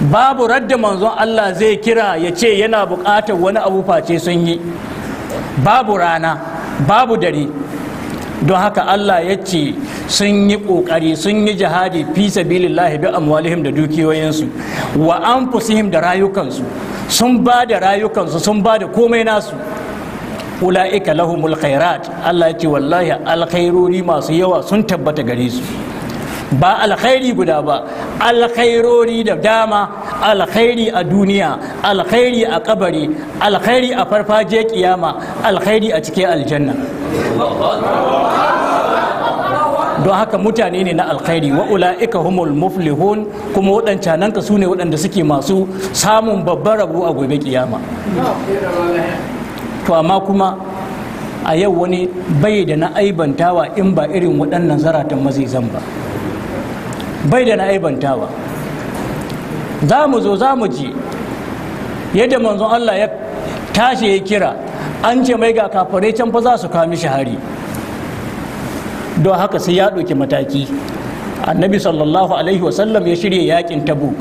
babu radda manzon Allah zai kira ya ce yana buƙatar wani abu face sun yi babu rana babu dare don haka Allah ya ce sun yi ƙoƙari sun yi jihadi fi sabilillahi bi amwalihim da dukiyoyinsu wa anfusihim da rayukansu sun ba da rayukansu sun ba da komai nasu ula'ika lahumul khairat Allah ya ce wallahi alkhairori masu yawa sun tabbata gare su ba alkhairi guda ba alkhairori da dama alkhairi a duniya alkhairi a kabari alkhairi a farfaje kiyama alkhairi a cikin aljanna don haka mutane ne na alkhairi wa'ula ika humul muflihun kuma waɗancanan ka su waɗanda suke masu samun babbar rabo a gobe kiyama to amma kuma a yau wani bai da na aibantawa in ba irin waɗannan zaratan mazizan ba bai da na aibantawa za mu zo za mu ji yadda manzon Allah ya tashi ya kira an ce mai ga kafare can fa za su kami hari don haka sai ya ɗauki mataki annabi sallallahu alaihi wasallam ya shirya yakin tabuk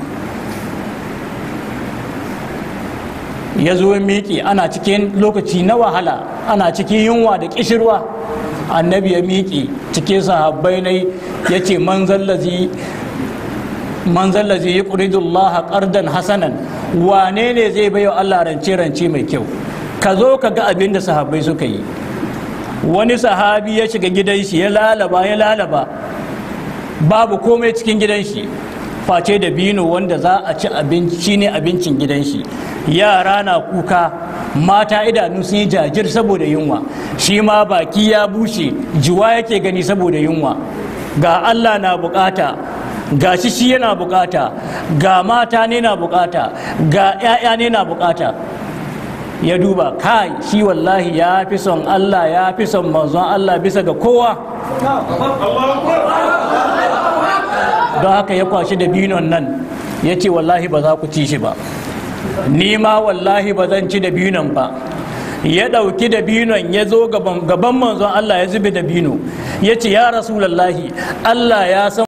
ya zo miƙe ana cikin lokaci na wahala ana cikin yunwa da kishirwa annabi ya miƙe cikin sahabbai ne ya ce man man zallazi yuqridu Allah ƙardan hasanan wane ne zai baiwa Allah rance rance mai kyau ka zo ka ga abin da sahabbai suka yi wani sahabi ya shiga gidan shi ya lalaba ya lalaba babu komai cikin gidan shi face da bino wanda za a ci abinci ne abincin gidan shi yara na kuka mata idanu sun yi jajir saboda yunwa shi ma baki ya bushe jiwa yake gani saboda yunwa ga Allah na bukata ga shi shi yana bukata ga mata ne na bukata ga 'ya'ya ne na bukata ya duba kai shi wallahi ya fi son Allah ya fi son manzon Allah bisa ga kowa don haka ya kwashi da binon nan ya ce wallahi ba za ku ci shi ba nima wallahi ba zan ci da binon ba ya ɗauki da binon ya zo gaban manzon Allah ya zube da bino ya ce ya rasulallahi Allah ya san